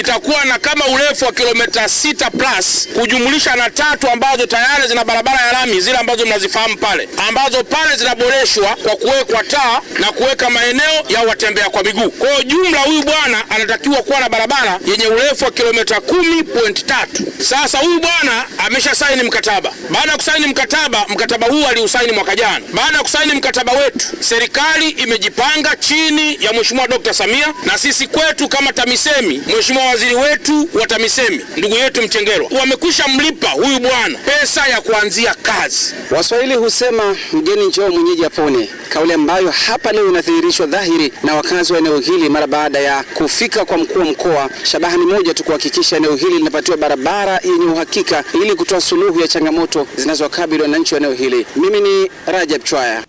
itakuwa na kama urefu wa kilomita sita plus kujumulisha na tatu ambazo tayari zina barabara ya lami zile ambazo mnazifahamu pale, ambazo pale zinaboreshwa kwa kuwekwa taa na kuweka maeneo ya watembea kwa miguu. Kwa jumla, huyu bwana anatakiwa kuwa na barabara yenye urefu wa kilomita kumi point tatu. Sasa huyu bwana amesha saini mkataba. Baada ya kusaini mkataba, mkataba huu aliusaini mwaka jana. Baada ya kusaini mkataba wetu, serikali imejipanga chini ya Mheshimiwa Dr. Samia na sisi kwetu kama TAMISEMI, Mheshimiwa mawaziri wetu wa TAMISEMI ndugu yetu Mchengerwa wamekwisha mlipa huyu bwana pesa ya kuanzia kazi. Waswahili husema mgeni njoo mwenyeji apone, kauli ambayo hapa leo inadhihirishwa dhahiri na wakazi wa eneo hili mara baada ya kufika kwa mkuu wa mkoa, shabahani moja tu kuhakikisha eneo hili linapatiwa barabara yenye uhakika ili kutoa suluhu ya changamoto zinazowakabili wananchi wa eneo hili. Mimi ni Rajab Chwaya.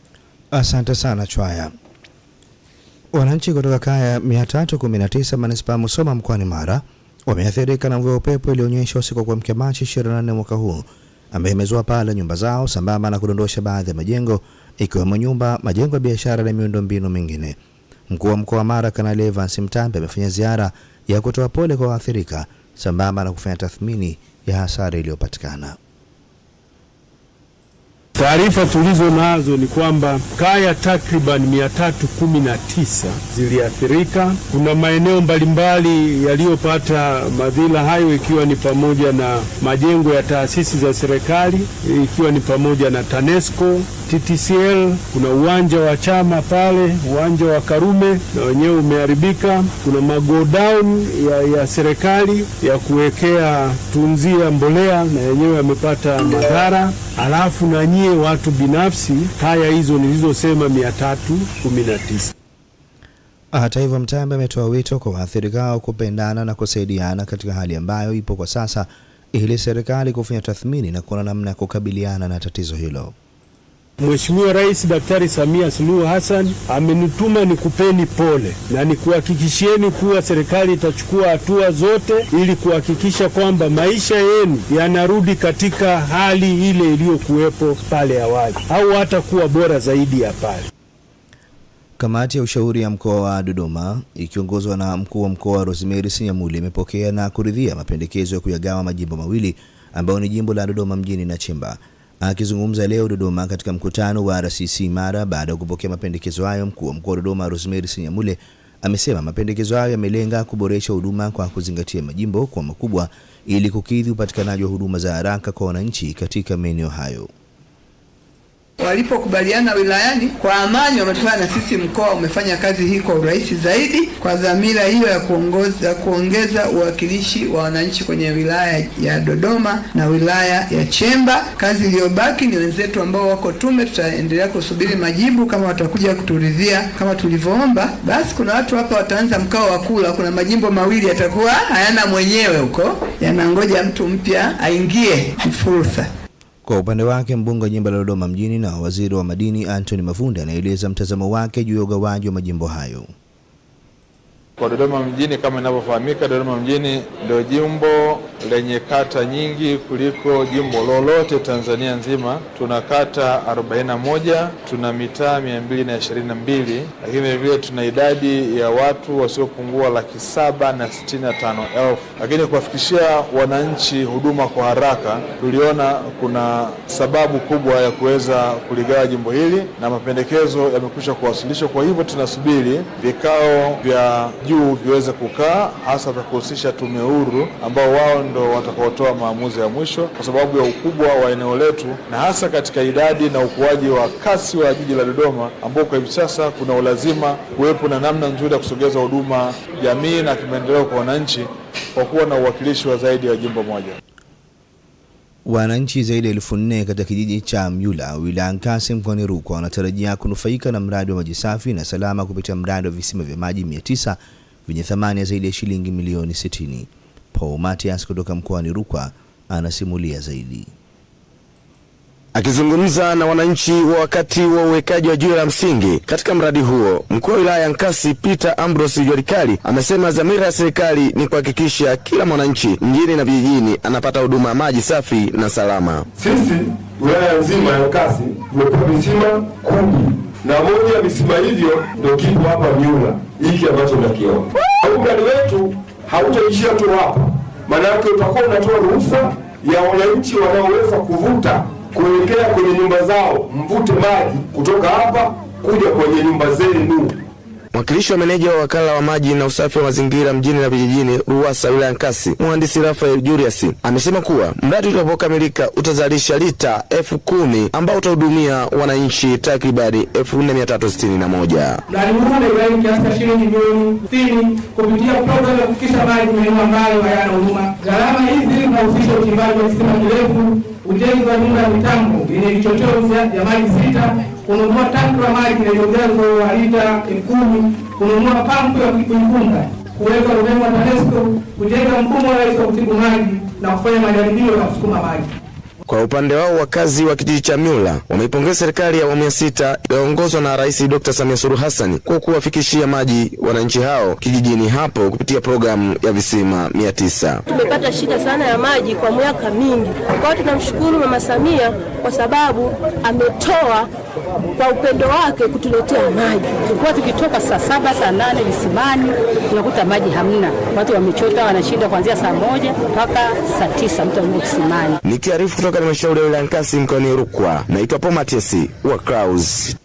Asante sana Chwaya. Wananchi kutoka kaya 319 manispaa Musoma mkoani Mara wameathirika na mvua ya upepo iliyonyesha usiku kwa mke Machi 24 mwaka huu ambayo imezua paa la nyumba zao sambamba na kudondosha baadhi ya majengo ikiwemo nyumba, majengo ya biashara na miundombinu mingine. Mkuu wa mkoa wa Mara Kanali Evans Mtambe amefanya ziara ya kutoa pole kwa waathirika sambamba na kufanya tathmini ya hasara iliyopatikana. Taarifa tulizo nazo ni kwamba kaya takriban 319 ziliathirika. Kuna maeneo mbalimbali yaliyopata madhila hayo, ikiwa ni pamoja na majengo ya taasisi za serikali, ikiwa ni pamoja na TANESCO, TTCL. Kuna uwanja wa chama pale, uwanja wa Karume na wenyewe umeharibika. Kuna magodown ya, ya serikali ya kuwekea tunzia mbolea na yenyewe yamepata madhara alafu na nyie watu binafsi kaya hizo nilizosema tisa. Hata hivyo, Mtambe ametoa wito kwa waathirika hao kupendana na kusaidiana katika hali ambayo ipo kwa sasa, ili serikali kufanya tathmini na kuona namna ya kukabiliana na tatizo hilo. Mheshimiwa Rais Daktari Samia Suluhu Hassan amenituma nikupeni pole na nikuhakikishieni kuwa serikali itachukua hatua zote ili kuhakikisha kwamba maisha yenu yanarudi katika hali ile iliyokuwepo pale awali au hata kuwa bora zaidi ya pale. Kamati ya ushauri ya mkoa wa Dodoma ikiongozwa na mkuu wa mkoa Rosemary Sinyamuli imepokea na kuridhia mapendekezo ya kuyagawa majimbo mawili ambayo ni jimbo la Dodoma mjini na Chemba. Akizungumza leo Dodoma katika mkutano wa RCC Mara baada ya kupokea mapendekezo hayo, mkuu wa mkoa wa Dodoma Rosemary Senyamule amesema mapendekezo hayo yamelenga kuboresha huduma kwa kuzingatia majimbo kwa makubwa ili kukidhi upatikanaji wa huduma za haraka kwa wananchi katika maeneo hayo walipokubaliana wilayani kwa amani, wametokana na sisi mkoa umefanya kazi hii kwa urahisi zaidi, kwa dhamira hiyo ya kuongoza, kuongeza uwakilishi wa wananchi kwenye wilaya ya Dodoma na wilaya ya Chemba. Kazi iliyobaki ni wenzetu ambao wako tume, tutaendelea kusubiri majibu kama watakuja kuturidhia kama tulivyoomba. Basi kuna watu hapa wataanza mkao wa kula, kuna majimbo mawili yatakuwa hayana mwenyewe huko, yanangoja mtu mpya aingie, ni fursa. Kwa upande wake mbunge wa jimbo la Dodoma mjini na waziri wa madini Anthony Mavunde anaeleza mtazamo wake juu ya ugawaji wa majimbo hayo. Kwa Dodoma mjini, kama inavyofahamika, Dodoma mjini ndio jimbo lenye kata nyingi kuliko jimbo lolote Tanzania nzima. Tuna kata 41, tuna mitaa 222, lakini vilevile tuna idadi ya watu wasiopungua laki saba na sitini na tano elfu. Lakini kuwafikishia wananchi huduma kwa haraka, tuliona kuna sababu kubwa ya kuweza kuligawa jimbo hili na mapendekezo yamekwisha kuwasilishwa. Kwa hivyo tunasubiri vikao vya juu viweze kukaa, hasa vya kuhusisha tume huru ambao wao ndo watakaotoa maamuzi ya mwisho kwa sababu ya ukubwa wa eneo letu na hasa katika idadi na ukuaji wa kasi wa jiji la Dodoma, ambao kwa hivi sasa kuna ulazima kuwepo na namna nzuri ya kusogeza huduma jamii na kimaendeleo kwa wananchi kwa kuwa na uwakilishi wa zaidi ya jimbo moja. Wananchi zaidi ya elfu nne katika kijiji cha Myula wilaya Nkasi mkoani Rukwa wanatarajia kunufaika na mradi wa maji safi na salama kupitia mradi wa visima vya maji 900 vyenye thamani ya zaidi ya shilingi milioni 60. Paul Matias kutoka mkoani Rukwa anasimulia zaidi. Akizungumza na wananchi wa wakati wa uwekaji wa jiwe la msingi katika mradi huo, mkuu wa wilaya ya Nkasi Peter Ambrose Jorikali amesema dhamira ya serikali ni kuhakikisha kila mwananchi mjini na vijijini anapata huduma ya maji safi na salama. Sisi wilaya nzima ya Nkasi tumepewa visima kumi na moja ya visima hivyo ndio kipo hapa Miula hiki ambacho unakiona. Mradi wetu hautaishia tu hapo, maanake utakuwa unatoa ruhusa ya wananchi wanaoweza kuvuta kuelekea kwenye nyumba zao, mvute maji kutoka hapa kuja kwenye nyumba zenu. Mwakilishi wa meneja wa wakala wa maji na usafi wa mazingira mjini na vijijini RUWASA wilaya Nkasi, mhandisi Rafael Julius amesema kuwa mradi utakapokamilika utazalisha lita elfu kumi ambao utahudumia wananchi takribani elfu nne mia tatu sitini na moja. Mradi huu unagharimu kiasi cha shilingi milioni sitini kupitia programu ya kufikisha maji maeneo ambayo hayana huduma. Gharama hizi zinahusisha uchimbaji wa kisima kirefu, ujenzi wa nyumba ya mitambo yenye vichocheo vya maji sita kununua tanki la maji lenye ujazo wa lita elfu kumi kununua pampu ya kuipunga kuweka umeme wa TANESCO kujenga mfumo rahisi wa kutibu maji na kufanya majaribio ya kusukuma maji. Kwa upande wao wakazi wa kijiji cha Myula wameipongeza serikali ya awamu ya sita iliyoongozwa na Rais Dr. Samia Suluhu Hassan kwa kuwafikishia maji wananchi hao kijijini hapo kupitia programu ya visima mia tisa. Tumepata shida sana ya maji kwa miaka mingi, kwa hiyo tunamshukuru Mama Samia kwa sababu ametoa kwa upendo wake kutuletea maji. Tulikuwa tukitoka saa saba saa nane visimani, tunakuta maji hamna, watu wamechota, wanashinda kuanzia saa moja mpaka saa tisa mtu angu kisimani. Nikiarifu kutoka halmashauri ya wilaya Nkasi mkoani Rukwa, naitwa Pomatiesi wa Clouds.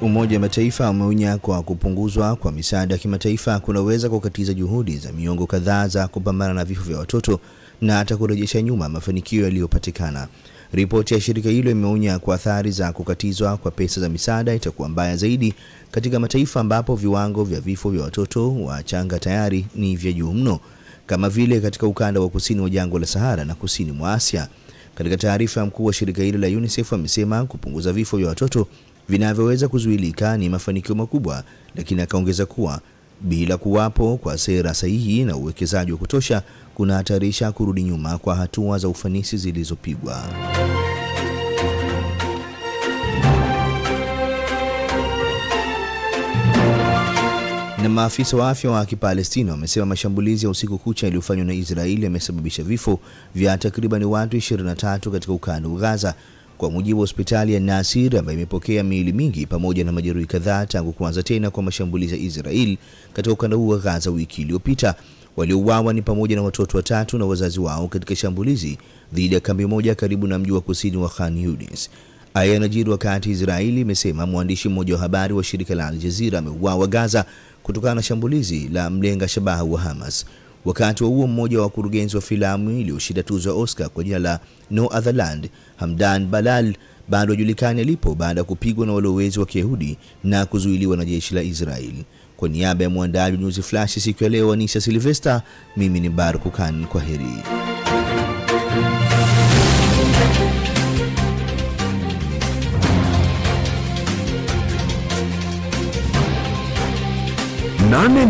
Umoja wa Mataifa umeonya kwa kupunguzwa kwa misaada ya kimataifa kunaweza kukatiza juhudi za miongo kadhaa za kupambana na vifo vya watoto na atakurejesha nyuma mafanikio yaliyopatikana. Ripoti ya shirika hilo imeonya kwa athari za kukatizwa kwa pesa za misaada itakuwa mbaya zaidi katika mataifa ambapo viwango vya vifo vya watoto wachanga tayari ni vya juu mno, kama vile katika ukanda wa kusini wa jangwa la Sahara na kusini mwa Asia. Katika taarifa, mkuu wa shirika hilo la UNICEF amesema kupunguza vifo vya watoto vinavyoweza kuzuilika ni mafanikio makubwa, lakini akaongeza kuwa bila kuwapo kwa sera sahihi na uwekezaji wa kutosha kunahatarisha kurudi nyuma kwa hatua za ufanisi zilizopigwa. Na maafisa wa afya wa Kipalestina wamesema mashambulizi ya usiku kucha yaliyofanywa na Israeli yamesababisha vifo vya takriban watu 23 katika ukanda wa Gaza kwa mujibu wa hospitali ya Nasir ambayo imepokea miili mingi pamoja na majeruhi kadhaa tangu kuanza tena kwa mashambulizi ya Israel katika ukanda huu wa Gaza wiki iliyopita, waliouawa ni pamoja na watoto watatu na wazazi wao katika shambulizi dhidi ya kambi moja karibu na mji wa kusini wa Khan Yunis. Haya yanajiri wakati Israeli imesema mwandishi mmoja wa habari wa shirika la Al Jazeera ameuawa Gaza kutokana na shambulizi la mlenga shabaha wa Hamas. Wakati wa huo mmoja wa wakurugenzi wa filamu iliyoshinda tuzo ya Oscar kwa jina la No Other Land, Hamdan Balal bado hajulikani alipo baada ya kupigwa na walowezi wa Kiyahudi na kuzuiliwa na jeshi la Israel. Kwa niaba ya mwandaji wa News Flash siku ya leo, Anisha Silvester, mimi ni bar Khan, kwa heri. nane